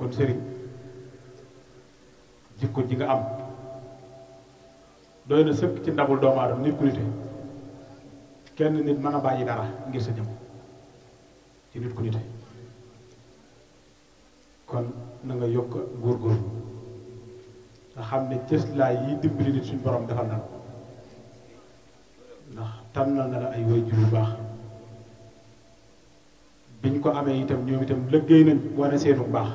kon sëriñ jikko ji nga am doy na sëkk ci ndabul doomu aadama nit ku nite kenn nit mën a bàyyi dara ngir sa jëm ci nit ku nite kon na nga yokk góorgóor nga xam ne cëslaay yi dimbali nit suñu borom defal na la ndax tànnal na la ay waajur yu baax biñ ko amee itam ñoom itam liggéey nañ wane seenu baax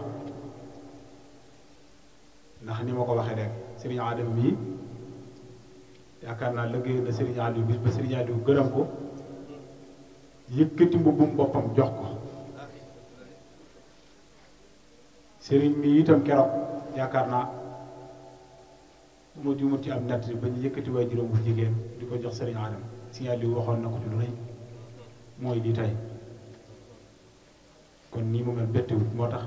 ni ma ko waxee de Serigne Adama bii yaakaar naa liggéey na Serigne Aliou bis ba Serigne Aliou ko yëkkati mbubbum boppam jox ko Serigne mi itam keroog yaakaar naa mu jumut ci am nett ba ñu yëkkati waay juróom bu jigéen di ko jox Serigne Adama Serigne Aliou waxoon na ko ci lu mooy di tey kon nii mu mel bettiwut moo tax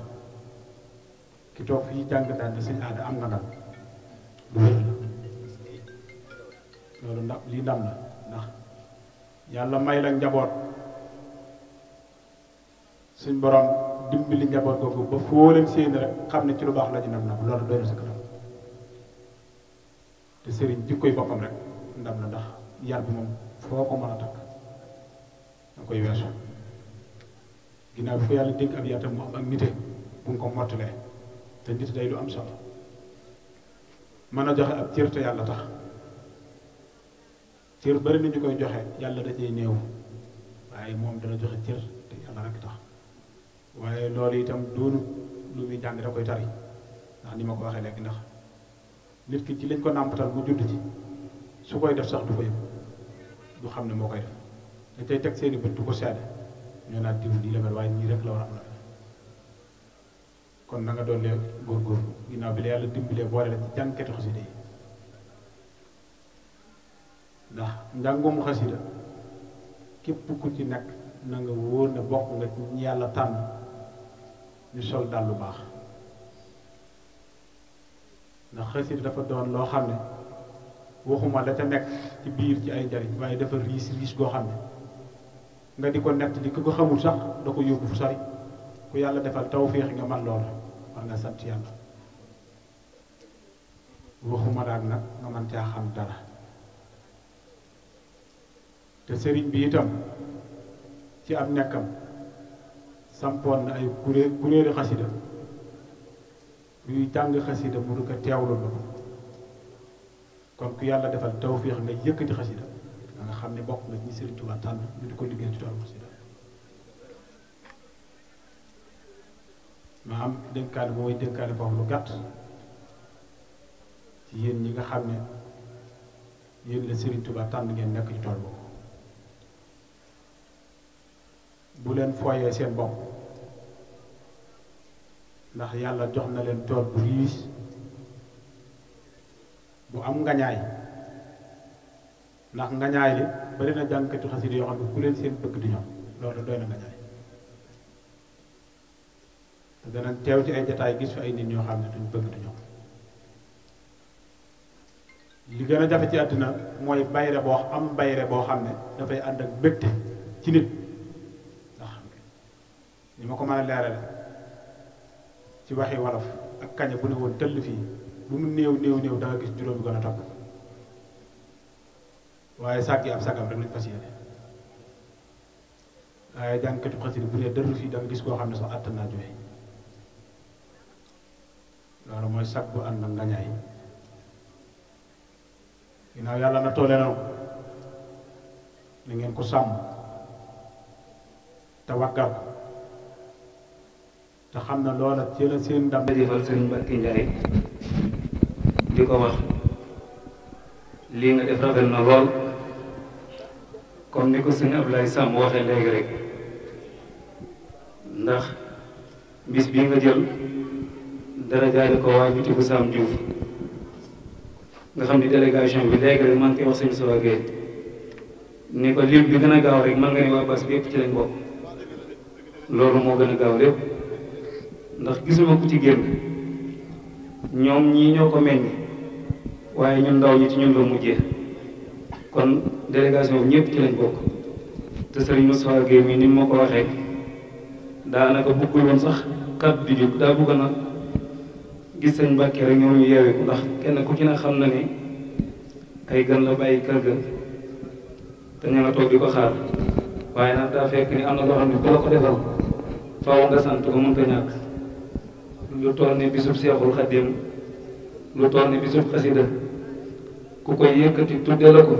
ki toog fii jàng daal te sëñ aada am na ndam lu wér la loolu yàlla may la njaboot suñ borom dimbali njaboot googu ba foo leen séen rek xam ne ci lu baax la ñu ndam loolu doon si kanam te sëriñ jikkoy boppam rek ndax yar bi moom foo ko mën a takk da koy weesu ginnaaw bi yàlla dénk ab yaatam mu am ak nite bu nga ko mottalee te nit day lu am solo mën a joxe ab cër te yàlla tax cër bari na ñu koy joxe yàlla dajee néew waaye moom dana joxe cër te yàlla rek tax waaye loolu itam doonu lu muy jàng da koy tari ndax ni ma ko waxee léegi ndax nit ki ci lañ ko nàmpatal mu judd ci su koy def sax du ko yëg du xam ne moo koy def dañ tey teg seeni bët du ko seede ñoo naa diw lii la mel waaye nii rek la war a am kon na nga gor ina ginaaw bi la yalla dimbalee boole la ci jànkati xasida yi ndax ndangum xasida kep ku ci nak na nga woor ne bokk nga ci yalla tan ni sol dal lu baax ndax dafa doon lo xam waxuma la ca nek ci biir ci ay njariñ waye dafa ris ris go xam nga diko ko di ko xamul sax da ko fu sari ku yalla defal tawféex nga man war nga sant yàlla waxuma daal nag nga mën caa xam dara te sëriñ bi itam ci am nekkam sampoon na ay kuréel kuréelu xasida yuy jàng xasida mu du ko teewlu la ko kon ku yàlla defal tawféex nga yëkkati xasida nga xam ne bokk nga ñi sëriñ Tuubaa tànn ñu di ko liggéey ci toolu xasida ma am dénkaane bu may dénkaane boo xam lu gàtt ci yéen ñi nga xam ne yéen la Serigne Touba tànn ngeen nekk ci tool boobu bu leen fooyee seen bopp ndax yàlla jox na leen tool bu riis bu am ngañaay ndax ngañaay li bari na jànkati xasida yoo xam ne ku leen seen bëgg di ñoom loolu doy na ngañaay dana teew ci ay jataay gis fi ay nit ñoo xam ne duñ bëgg du ñëw li gën a jafe ci àddina mooy bayre boo am bayre boo xam ne dafay ànd ak bégte ci nit ndax ni ma ko mën leerale ci waxi wolof ak kaña bu ne woon tëll fii lu mu néew néew néew da gis juróomi gën a topp waaye sàgg yi am sàggam rek lañ fas yéene waaye jàngkatu xasida bu ne dëll fii da gis koo xam ne sax àtt naa loolu mooy sag bu ànd ak ngañaay ginnaaw yàlla na toole na na ngeen ko sàmm te waggar te xam na loola ci la seen ndam jëfal sëriñ Mbacke Ndiaye di ko wax lii nga def rafet na lool comme ni ko sëñ Ablaye Sam waxee léegi rek ndax bis bii nga jël délégué ko waa ñu tudd Sam Diouf nga xam ni délégation bi léegi rek maa ngi wax sëñ Sowa Gueye ni ko lim bi gën a gaaw rek mën nga ne waa bas bi yëpp ci lañ bokk loolu moo gën a gaaw lépp ndax gisuma ku ci génn ñoom ñii ñoo ko mel meññ waaye ñu ndaw ñi ci ñun la mujjee kon délégation bi ñëpp ci lañ bokk te sëriñ Moussa Gueye mi ni mu ma ko waxee daanaka bëggul woon sax kàddu di jóg daa bëgg na gis sëñ mbacke rek ñoo ñu yeewee ko ndax kenn ku ci na xam na ni ay gan la bàyyi kër ga te ña nga toog di ko xaar waaye nag daa fekk ni am na loo xam ne ku la ko defal faaw nga sant ko mënta ñàkk lu toll ni bisub Seexul Xaddim lu toll ni bisub xasida ku koy yëkkati tuddee la ko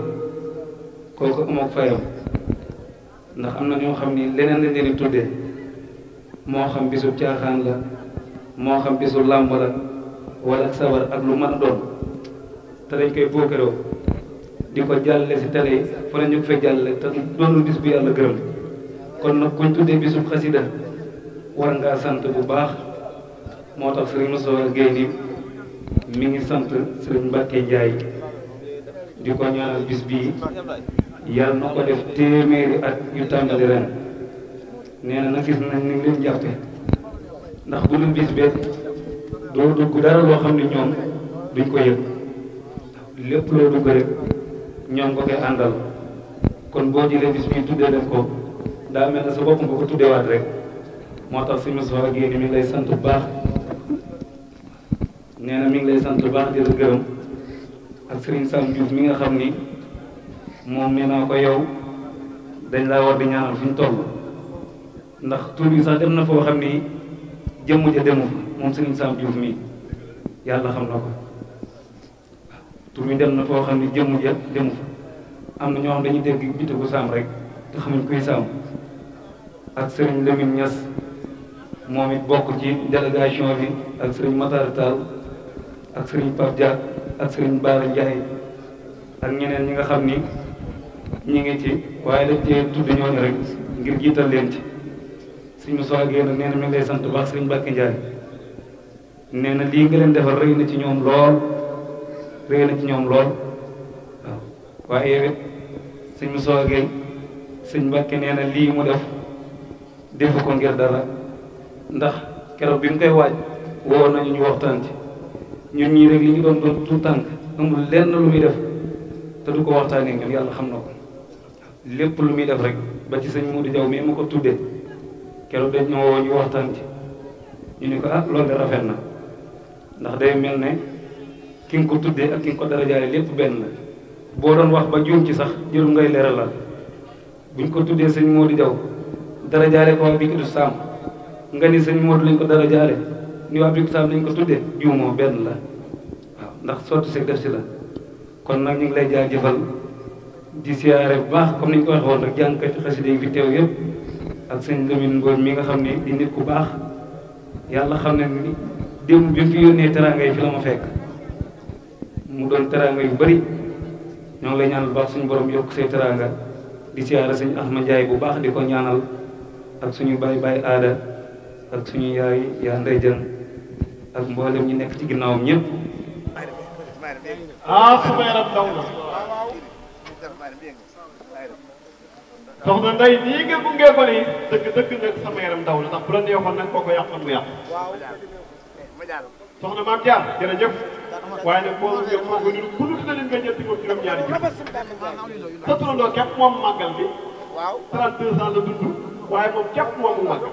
kooku amook fayam ndax am na ñoo xam ni leneen la leen tuddee moo xam bisub caaxaan la mo xam bisu lamb la wala sabar ak lu man doon te dañ koy bookeroo di ko jàllale si télé yi fa la ñu fekk jàllale te doonul bis bu yàlla gërëm kon nag kuñ tuddee bisub xasida war ngaa sant bu baax moo tax sëriñ Moussa Guèye nii mi ngi sant sëriñ Mbacke Ndiaye di ko ñaanal bis bii yàlla na ko def téeméeri at yu tàmbali ren nee na nag gis nañ ni ngi leen jàppe ndax bu dul bis bee doo dugg dara loo xam ne ñoom duñ ko yëg lépp loo dugg rek ñoom nga koy àndal kon boo jëlee bis bii tuddee def ko daa mel ne sa bopp nga ko tuddeewaat rek moo tax si mos ak mi ngi sant bu baax nee na mi ngi lay sant bu baax di ak Serigne Sam Diouf mi nga xam ni moom nee naa ko yow dañ laa war di ñaanal fi ñu toll ndax tur bi sax dem na foo xam ni. jëmm ja demul moom sëriñ Sam Diouf mii yàlla xam na ko tur dem na foo xam ne jëmm ja demu fa am na ñoo xam dañuy dégg bitigu Sam rek te xamuñ kuy Sam ak sëriñ Lamine Niass moom it bokk ci délégation bi ak sëriñ Matar Tall ak sëriñ Pape ak sëriñ Bara Ndiaye ak ñeneen ñi nga xam ni ñi ngi ci waaye dañ cee tudd ñooñu rek ngir jiital leen ci suñ mu soxla génn nee na mi ngi lay sant baax sëriñ Mbàkke Njaay nee na lii nga leen defal rëy na ci ñoom lool rëy na ci ñoom lool waaw waaye yow it suñ mu soxla génn sëñ Mbàkke nee na lii mu def defu ko ngir dara ndax keroog bi mu koy waaj woo nañu ñu waxtaan ci ñun ñii rek li ñu doon doon tout tànk amul lenn lu muy def te du ko waxtaanee ñun yàlla xam na ko lépp lu muy def rek ba ci sëñ Modou Diaw mii ma ko tuddee keroog dañ ñoo woo ñu ci ñu ni ko ah loolu rafet na ndax day mel ne ki nga ko tuddee ak ki nga ko dara jaay lépp benn la boo doon wax ba juum ci sax jërum ngay leeral la buñ ko tuddee sëñ Modou Diaw dara jaale ko waa Bikidu Saam nga ni sëñ Modou lañ ko dara jaale ni waa Bikidu Saam lañ ko tuddee juumoo benn la waaw ndax sotti si def si la kon nag ñu ngi lay jaajëfal di siyaare bu baax comme ni ñu ko waxee woon rek jàngkat yi xasida yi fi ak seen Lamine Ngor mi nga xam ne di nit ku baax yàlla xam ne ni démb bi fi yónnee teranga yi fi la ma fekk mu doon teranga yu bari ñoo ngi lay ñaanal baax suñu borom yokk say teranga di siyaara sëñ ahmad Njaay bu baax di ko ñaanal ak suñu bay bay aada ak suñu yaay yaa ndey jën ak mboolem ñi nekk ci ginnaawam ñëpp. ah Soumaïra Ndao la. soxna Ndeye nii nga gunge ko nii dëgg dëgg nag sama yaram daw la ndax bu la neexoon nag koo ko yàqal mu yàq. soxna maam Diar jërëjëf waaye nag boo ko moo ko ñun ku ñu tuddee nga jël ci ko juróom-ñaari ji. sa turandoo képp moom màggal bi. 32 ans la dund waaye moom képp moomu màgg.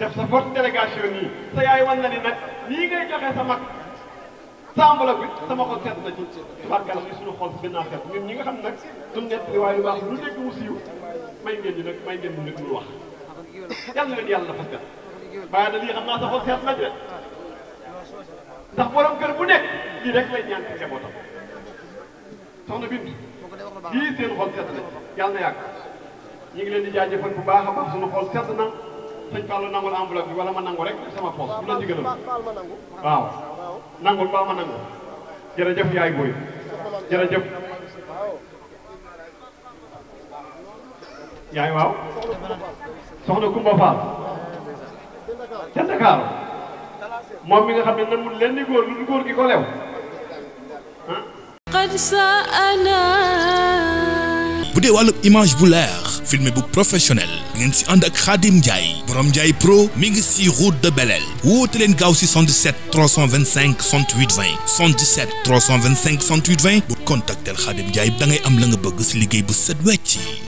def sa forte délégation nii sa yaay wan na ni nag nii ngay joxe sa mag sàmbala bi sama xol seet na ci tubaarkàlla li suñu xol gën naa seet ñun ñi nga xam nag suñu nekk li waaye lu baax lu dégg mu siiw may ngeen ñu nag may ngeen ñu nag lu wax yàlla leen yàlla faskat bàyyi na lii xam naa sa xol de ndax borom kër bu nekk lii rek lay ñaan ci njabootam soxna Bintu lii seen xol seet na yàlla na yàgg ñu ngi leen di jaajëfal bu baax a baax suñu xol seet na sëñ Fallou nangul enveloppe bi ma nangu rek sama poos bu la jigéenam waaw nangul Kumba Fall ca Dakar moom mi nga xam ne nan mun leen di góor lu góor gi ko lew قد سألت dee l'image image bu leer filmé bu professionnel ngeen si ànd ak Khadim Ndiaye borom Ndiaye pro mi ngi si route de Belel woote leen gaaw si 77 325 1820 20 325 1820 20 bu contactel Khadim Ndiaye da ngay am la nga bëgg si liggéey bu set wecc